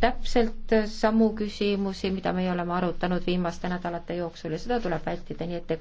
täpselt samu küsimusi, mida meie oleme arutanud viimaste nädalate jooksul ja seda tuleb vältida, nii et tegu